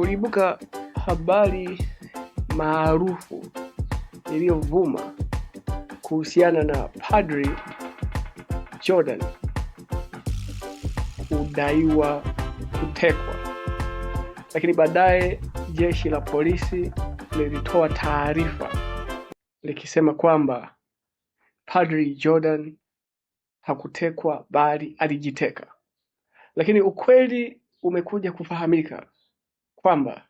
Kuliibuka habari maarufu iliyovuma kuhusiana na Padri Jordan kudaiwa kutekwa, lakini baadaye jeshi la polisi lilitoa taarifa likisema kwamba Padri Jordan hakutekwa bali alijiteka, lakini ukweli umekuja kufahamika kwamba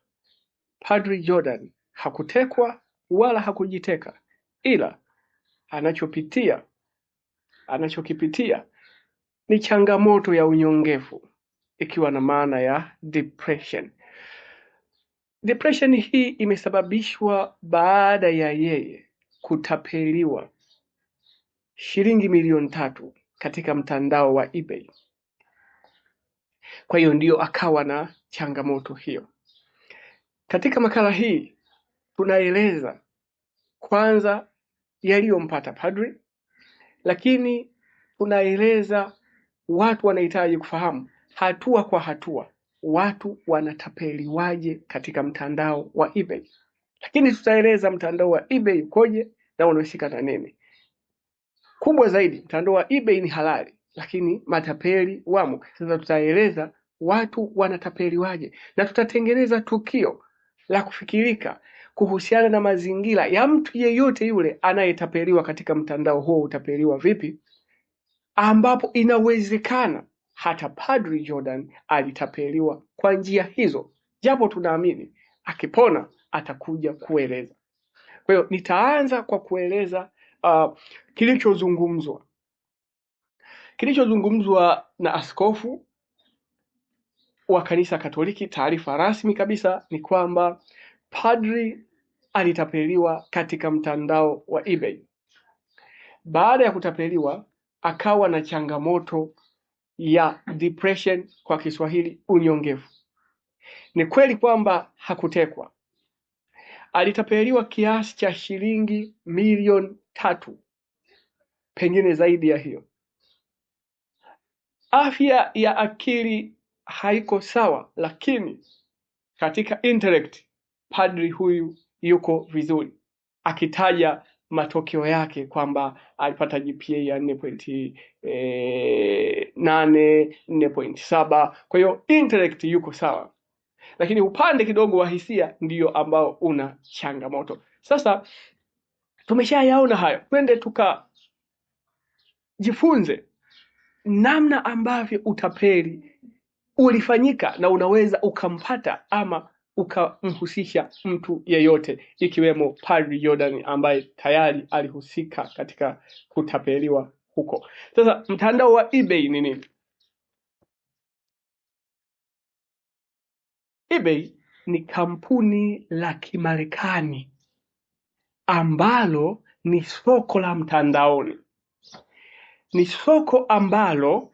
Padri Jordan hakutekwa wala hakujiteka ila anachopitia anachokipitia ni changamoto ya unyongevu ikiwa na maana ya depression. Depression hii imesababishwa baada ya yeye kutapeliwa shilingi milioni tatu katika mtandao wa eBay. Kwa hiyo ndiyo akawa na changamoto hiyo. Katika makala hii tunaeleza kwanza yaliyompata padri, lakini tunaeleza watu wanahitaji kufahamu hatua kwa hatua watu wanatapeliwaje katika mtandao wa eBay, lakini tutaeleza mtandao wa eBay ukoje na unahusika na nini. Kubwa zaidi, mtandao wa eBay ni halali, lakini matapeli wamo. Sasa tutaeleza watu wanatapeliwaje na tutatengeneza tukio la kufikirika kuhusiana na mazingira ya mtu yeyote yule anayetapeliwa katika mtandao huo. Utapeliwa vipi? Ambapo inawezekana hata Padri Jordan alitapeliwa kwa njia hizo, japo tunaamini akipona atakuja kueleza. Kwa hiyo nitaanza kwa kueleza uh, kilichozungumzwa kilichozungumzwa na askofu wa kanisa Katoliki, taarifa rasmi kabisa ni kwamba padri alitapeliwa katika mtandao wa eBay. Baada ya kutapeliwa, akawa na changamoto ya depression, kwa Kiswahili unyongevu. Ni kweli kwamba hakutekwa, alitapeliwa kiasi cha shilingi milioni tatu, pengine zaidi ya hiyo. Afya ya akili haiko sawa, lakini katika intellect padri huyu yuko vizuri, akitaja matokeo yake kwamba alipata GPA ya nne pointi e, eh, nane nne pointi saba. Kwa hiyo intellect yuko sawa, lakini upande kidogo wa hisia ndiyo ambao una changamoto. Sasa tumeshayaona hayo, twende tukajifunze namna ambavyo utapeli ulifanyika na unaweza ukampata ama ukamhusisha mtu yeyote ikiwemo Padri Jordan ambaye tayari alihusika katika kutapeliwa huko. Sasa mtandao wa eBay ni nini? eBay ni kampuni la Kimarekani ambalo ni soko la mtandaoni. Ni soko ambalo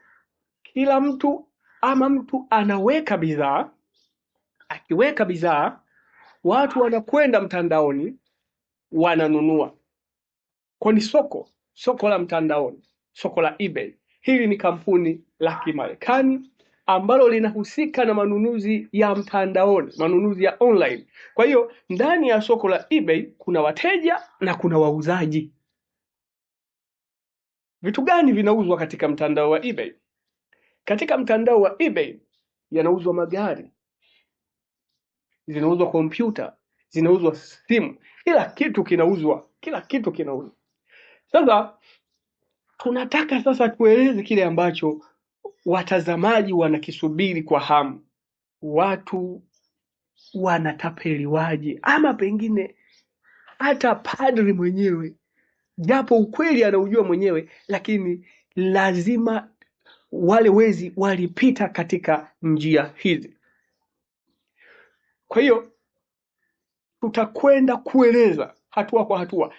kila mtu ama mtu anaweka bidhaa, akiweka bidhaa watu wanakwenda mtandaoni wananunua, kwa ni soko soko la mtandaoni, soko la eBay. Hili ni kampuni la Kimarekani ambalo linahusika na manunuzi ya mtandaoni, manunuzi ya online. Kwa hiyo ndani ya soko la eBay kuna wateja na kuna wauzaji. Vitu gani vinauzwa katika mtandao wa eBay? Katika mtandao wa eBay yanauzwa magari, zinauzwa kompyuta, zinauzwa simu, kila kitu kinauzwa, kila kitu kinauzwa. Sasa tunataka sasa tueleze kile ambacho watazamaji wanakisubiri kwa hamu. Watu wanatapeliwaje? Ama pengine hata padri mwenyewe, japo ukweli anaujua mwenyewe, lakini lazima wale wezi walipita katika njia hizi. Kwa hiyo tutakwenda kueleza hatua kwa hatua.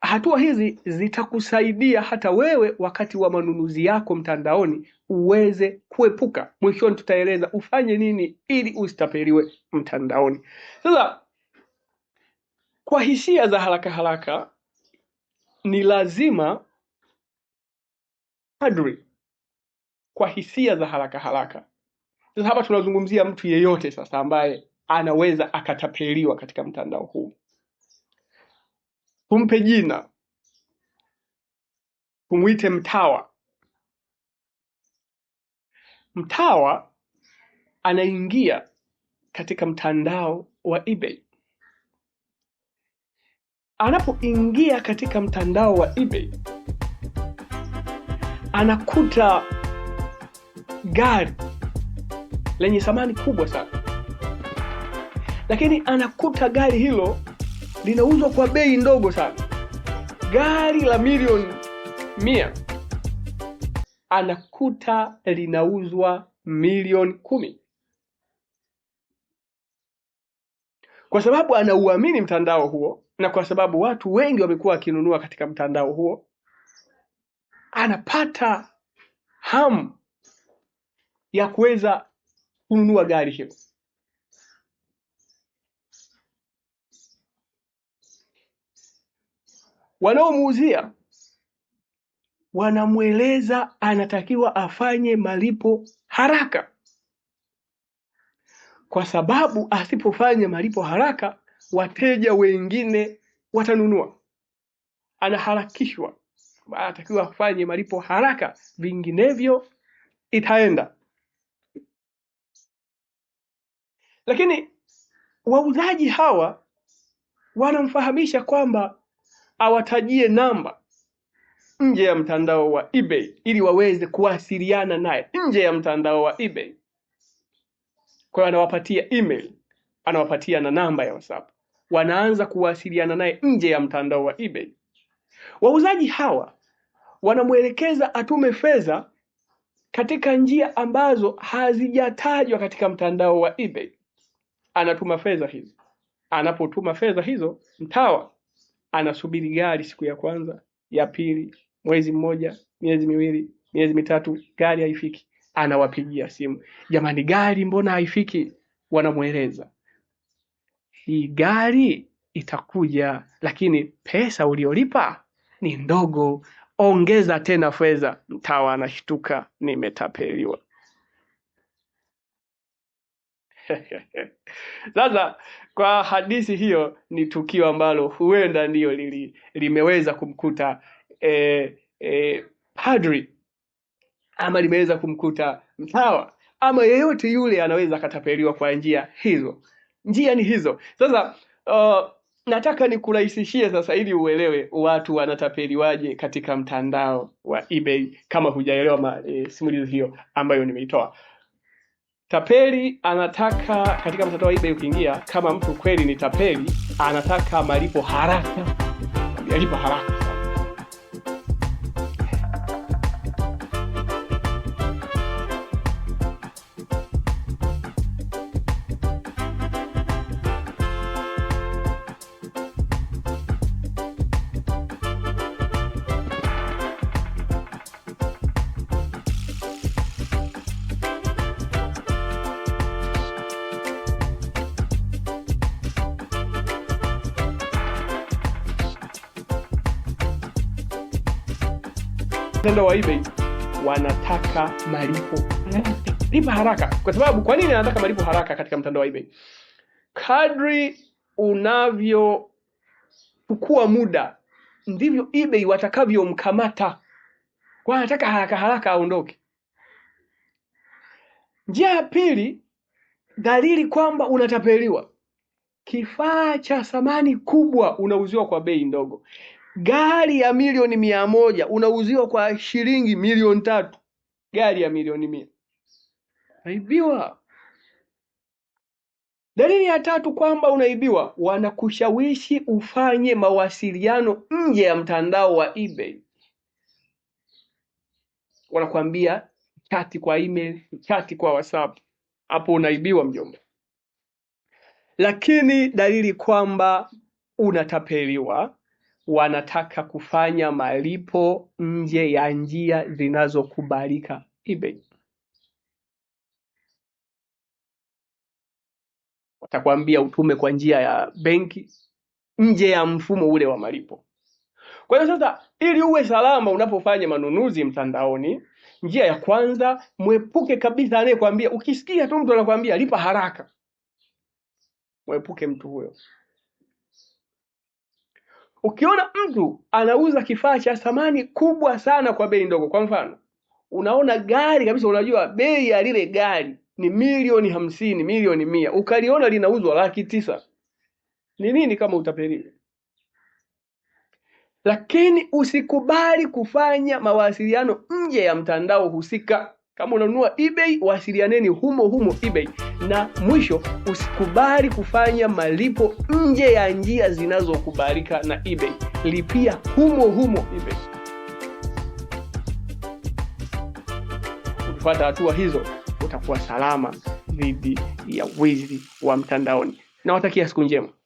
Hatua hizi zitakusaidia hata wewe wakati wa manunuzi yako mtandaoni uweze kuepuka. Mwishoni tutaeleza ufanye nini ili usitapeliwe mtandaoni. Sasa kwa hisia za haraka haraka, ni lazima kadri kwa hisia za haraka haraka. Sasa hapa tunazungumzia mtu yeyote sasa ambaye anaweza akatapeliwa katika mtandao huu. Tumpe jina, tumwite mtawa. Mtawa anaingia katika mtandao wa eBay. Anapoingia katika mtandao wa eBay anakuta gari lenye thamani kubwa sana, lakini anakuta gari hilo linauzwa kwa bei ndogo sana, gari la milioni mia anakuta linauzwa milioni kumi kwa sababu anauamini mtandao huo, na kwa sababu watu wengi wamekuwa wakinunua katika mtandao huo, anapata hamu ya kuweza kununua gari hiyo. Wanaomuuzia wanamweleza anatakiwa afanye malipo haraka, kwa sababu asipofanya malipo haraka wateja wengine watanunua. Anaharakishwa, anatakiwa afanye malipo haraka, vinginevyo itaenda Lakini wauzaji hawa wanamfahamisha kwamba awatajie namba nje ya mtandao wa eBay ili waweze kuwasiliana naye nje ya mtandao wa eBay. Kwa hiyo anawapatia email, anawapatia na namba ya WhatsApp, wanaanza kuwasiliana naye nje ya mtandao wa eBay. Wauzaji hawa wanamwelekeza atume fedha katika njia ambazo hazijatajwa katika mtandao wa eBay anatuma fedha hizo. Anapotuma fedha hizo, mtawa anasubiri gari siku ya kwanza, ya pili, mwezi mmoja, miezi miwili, miezi mitatu, gari haifiki. Anawapigia simu, jamani, gari mbona haifiki? Wanamweleza hii gari itakuja, lakini pesa uliolipa ni ndogo, ongeza tena fedha. Mtawa anashtuka, nimetapeliwa. Sasa kwa hadithi hiyo ni tukio ambalo huenda ndiyo lili, limeweza kumkuta eh, eh, padri ama limeweza kumkuta mtawa ama yeyote yule anaweza akatapeliwa kwa njia hizo. Njia ni hizo. Sasa uh, nataka nikurahisishie sasa ili uelewe watu wanatapeliwaje katika mtandao wa eBay kama hujaelewa e, simulizi hiyo ambayo nimeitoa. Tapeli anataka katika mtandao wa eBay ukiingia, kama mtu kweli ni tapeli, anataka malipo haraka, alipa haraka. mtandao wa eBay wanataka malipo lipa haraka. Kwa sababu kwa nini anataka malipo haraka katika mtandao wa eBay? Kadri unavyochukua muda ndivyo eBay watakavyomkamata. Wanataka haraka haraka aondoke. Njia ya pili, dalili kwamba unatapeliwa, kifaa cha thamani kubwa unauziwa kwa bei ndogo gari ya milioni mia moja unauziwa kwa shilingi milioni tatu gari ya milioni mia naibiwa. Dalili ya tatu kwamba unaibiwa, wanakushawishi ufanye mawasiliano nje ya mtandao wa eBay. Wanakuambia chati kwa email, chati kwa WhatsApp. Hapo unaibiwa mjomba. Lakini dalili kwamba unatapeliwa wanataka kufanya malipo nje ya njia zinazokubalika eBay watakwambia utume kwa njia ya benki nje ya mfumo ule wa malipo. Kwa hiyo sasa, ili uwe salama unapofanya manunuzi mtandaoni, njia ya kwanza, mwepuke kabisa anayekwambia. Ukisikia tu mtu anakwambia lipa haraka, mwepuke mtu huyo. Ukiona mtu anauza kifaa cha thamani kubwa sana kwa bei ndogo, kwa mfano unaona gari kabisa, unajua bei ya lile gari ni milioni hamsini, milioni mia, ukaliona linauzwa laki tisa, ni nini kama utapeli? Lakini usikubali kufanya mawasiliano nje ya mtandao husika. Kama unanunua eBay, wasilianeni humo humo eBay. Na mwisho, usikubali kufanya malipo nje ya njia zinazokubalika na eBay. Lipia humo humo eBay. Ukifuata hatua hizo, utakuwa salama dhidi ya wizi wa mtandaoni. Nawatakia siku njema.